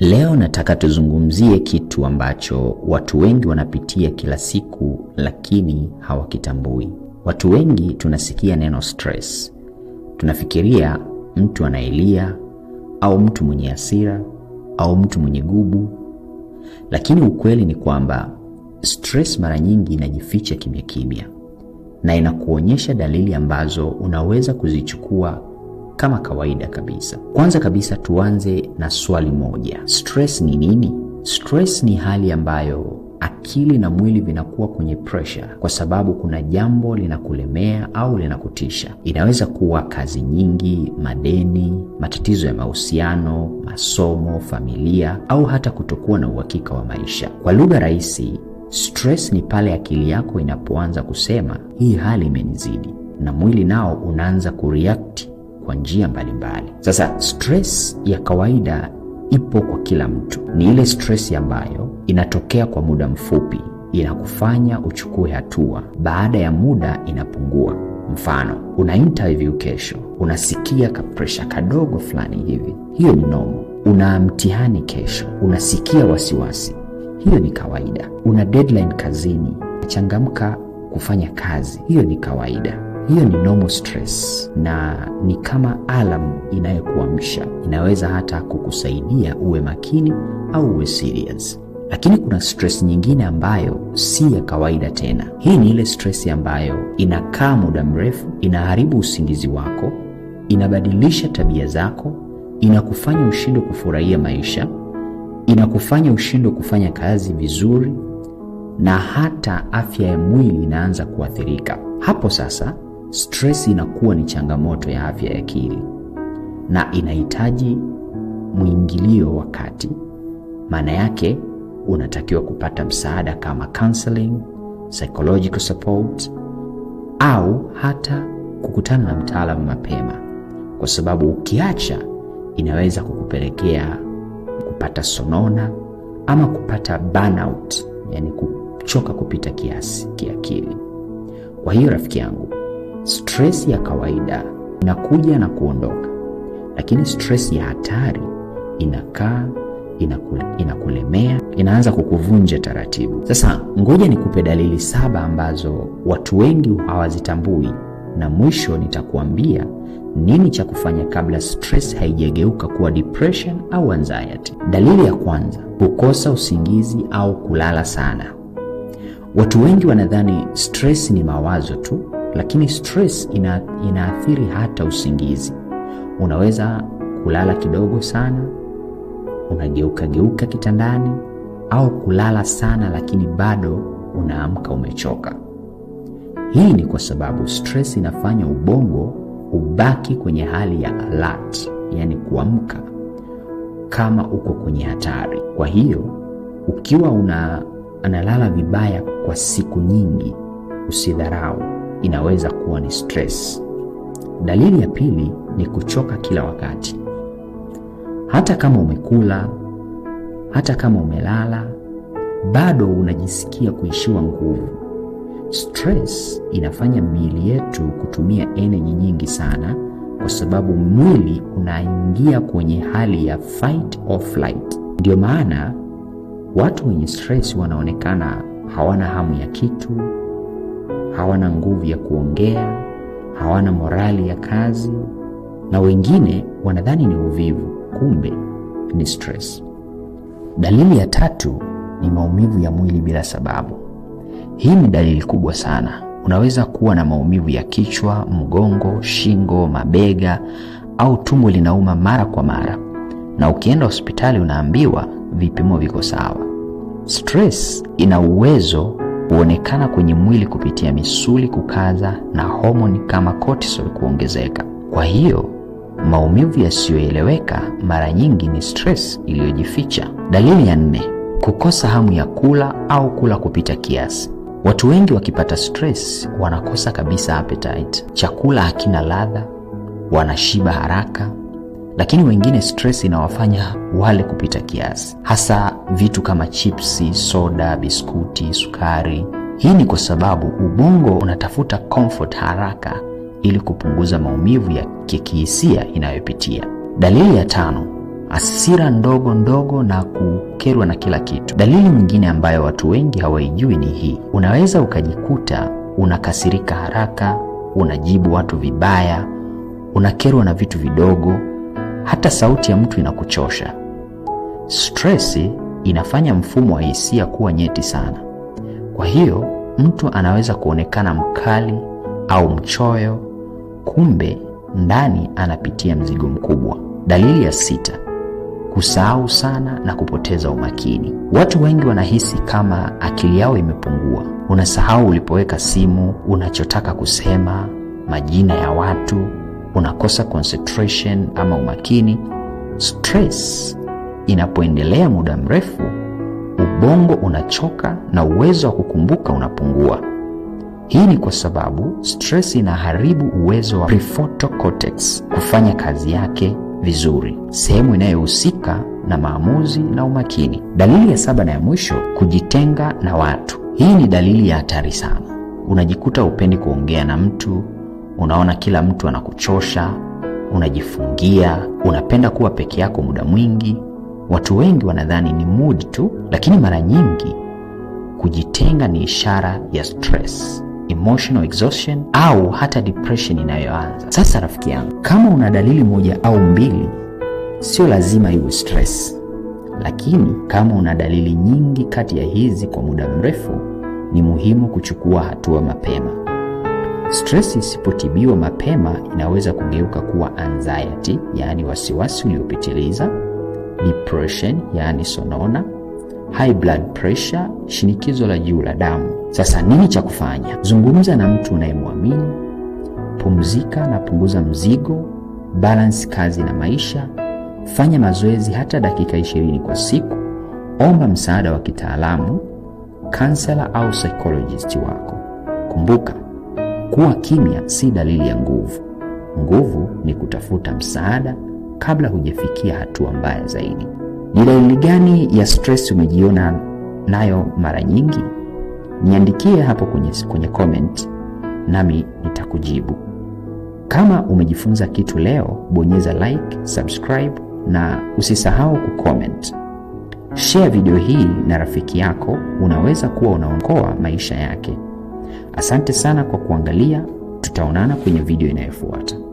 Leo nataka tuzungumzie kitu ambacho watu wengi wanapitia kila siku, lakini hawakitambui. Watu wengi tunasikia neno stress, tunafikiria mtu anayelia au mtu mwenye hasira au mtu mwenye gubu, lakini ukweli ni kwamba stress mara nyingi inajificha kimya kimya na inakuonyesha dalili ambazo unaweza kuzichukua kama kawaida kabisa. Kwanza kabisa tuanze na swali moja. Stress ni nini? Stress ni hali ambayo akili na mwili vinakuwa kwenye pressure kwa sababu kuna jambo linakulemea au linakutisha. Inaweza kuwa kazi nyingi, madeni, matatizo ya mahusiano, masomo, familia au hata kutokuwa na uhakika wa maisha. Kwa lugha rahisi, stress ni pale akili yako inapoanza kusema hii hali imenizidi, na mwili nao unaanza kureact kwa njia mbalimbali Sasa stress ya kawaida ipo kwa kila mtu, ni ile stress ambayo inatokea kwa muda mfupi, inakufanya uchukue hatua, baada ya muda inapungua. Mfano, una interview kesho, unasikia kapresha kadogo fulani hivi, hiyo ni nomo. Una mtihani kesho, unasikia wasiwasi, hiyo ni kawaida. Una deadline kazini, changamka kufanya kazi, hiyo ni kawaida. Hiyo ni normal stress na ni kama alam inayokuamsha, inaweza hata kukusaidia uwe makini au uwe serious. Lakini kuna stress nyingine ambayo si ya kawaida tena. Hii ni ile stress ambayo inakaa muda mrefu, inaharibu usingizi wako, inabadilisha tabia zako, inakufanya ushindwe kufurahia maisha, inakufanya ushindwe kufanya kazi vizuri, na hata afya ya mwili inaanza kuathirika. Hapo sasa stress inakuwa ni changamoto ya afya ya akili na inahitaji mwingilio wa kati. Maana yake unatakiwa kupata msaada kama counseling, psychological support au hata kukutana na mtaalamu mapema, kwa sababu ukiacha inaweza kukupelekea kupata sonona ama kupata burnout, yani kuchoka kupita kiasi kiakili. Kwa hiyo rafiki yangu Stress ya kawaida inakuja na kuondoka, lakini stress ya hatari inakaa inakule, inakulemea inaanza kukuvunja taratibu. Sasa ngoja nikupe dalili saba ambazo watu wengi hawazitambui, na mwisho nitakuambia nini cha kufanya kabla stress haijageuka kuwa depression au anxiety. Dalili ya kwanza, kukosa usingizi au kulala sana. Watu wengi wanadhani stress ni mawazo tu lakini stress ina, inaathiri hata usingizi. Unaweza kulala kidogo sana, unageuka geuka kitandani, au kulala sana lakini bado unaamka umechoka. Hii ni kwa sababu stress inafanya ubongo ubaki kwenye hali ya alert, yaani kuamka kama uko kwenye hatari. Kwa hiyo ukiwa una analala vibaya kwa siku nyingi, usidharau inaweza kuwa ni stress. Dalili ya pili ni kuchoka kila wakati, hata kama umekula, hata kama umelala, bado unajisikia kuishiwa nguvu. Stress inafanya miili yetu kutumia energy nyingi sana, kwa sababu mwili unaingia kwenye hali ya fight or flight. Ndio maana watu wenye stress wanaonekana hawana hamu ya kitu hawana nguvu ya kuongea, hawana morali ya kazi, na wengine wanadhani ni uvivu, kumbe ni stress. Dalili ya tatu ni maumivu ya mwili bila sababu. Hii ni dalili kubwa sana. Unaweza kuwa na maumivu ya kichwa, mgongo, shingo, mabega au tumbo linauma mara kwa mara, na ukienda hospitali unaambiwa vipimo viko sawa. Stress ina uwezo huonekana kwenye mwili kupitia misuli kukaza na homoni kama cortisol kuongezeka. Kwa hiyo maumivu yasiyoeleweka mara nyingi ni stress iliyojificha. Dalili ya nne, kukosa hamu ya kula au kula kupita kiasi. Watu wengi wakipata stress wanakosa kabisa appetite, chakula hakina ladha, wanashiba haraka lakini wengine stress inawafanya wale kupita kiasi, hasa vitu kama chipsi, soda, biskuti, sukari. Hii ni kwa sababu ubongo unatafuta comfort haraka ili kupunguza maumivu ya kihisia inayopitia. Dalili ya tano, asira ndogo ndogo na kukerwa na kila kitu. Dalili nyingine ambayo watu wengi hawaijui ni hii: unaweza ukajikuta unakasirika haraka, unajibu watu vibaya, unakerwa na vitu vidogo hata sauti ya mtu inakuchosha. Stress inafanya mfumo wa hisia kuwa nyeti sana. Kwa hiyo mtu anaweza kuonekana mkali au mchoyo, kumbe ndani anapitia mzigo mkubwa. Dalili ya sita, kusahau sana na kupoteza umakini. Watu wengi wanahisi kama akili yao imepungua. Unasahau ulipoweka simu, unachotaka kusema, majina ya watu unakosa concentration ama umakini. Stress inapoendelea muda mrefu, ubongo unachoka na uwezo wa kukumbuka unapungua. Hii ni kwa sababu stress inaharibu uwezo wa prefrontal cortex kufanya kazi yake vizuri, sehemu inayohusika na maamuzi na umakini. Dalili ya saba na ya mwisho, kujitenga na watu. Hii ni dalili ya hatari sana. Unajikuta upendi kuongea na mtu unaona kila mtu anakuchosha, unajifungia, unapenda kuwa peke yako muda mwingi. Watu wengi wanadhani ni mood tu, lakini mara nyingi kujitenga ni ishara ya stress, emotional exhaustion au hata depression inayoanza. Sasa rafiki yangu, kama una dalili moja au mbili, sio lazima iwe stress lakini kama una dalili nyingi kati ya hizi kwa muda mrefu, ni muhimu kuchukua hatua mapema. Stress isipotibiwa mapema inaweza kugeuka kuwa anxiety, yaani wasiwasi uliopitiliza, depression, yaani sonona, high blood pressure, shinikizo la juu la damu. Sasa nini cha kufanya? Zungumza na mtu unayemwamini, pumzika na punguza mzigo, balance kazi na maisha, fanya mazoezi hata dakika 20 kwa siku, omba msaada wa kitaalamu, kansela au psychologist wako. Kumbuka kuwa kimya si dalili ya nguvu. Nguvu ni kutafuta msaada kabla hujafikia hatua mbaya zaidi. Ni dalili gani ya stress umejiona nayo mara nyingi? Niandikie hapo kwenye, kwenye comment nami nitakujibu. Kama umejifunza kitu leo, bonyeza like, subscribe na usisahau kucomment. Share video hii na rafiki yako, unaweza kuwa unaokoa maisha yake. Asante sana kwa kuangalia, tutaonana kwenye video inayofuata.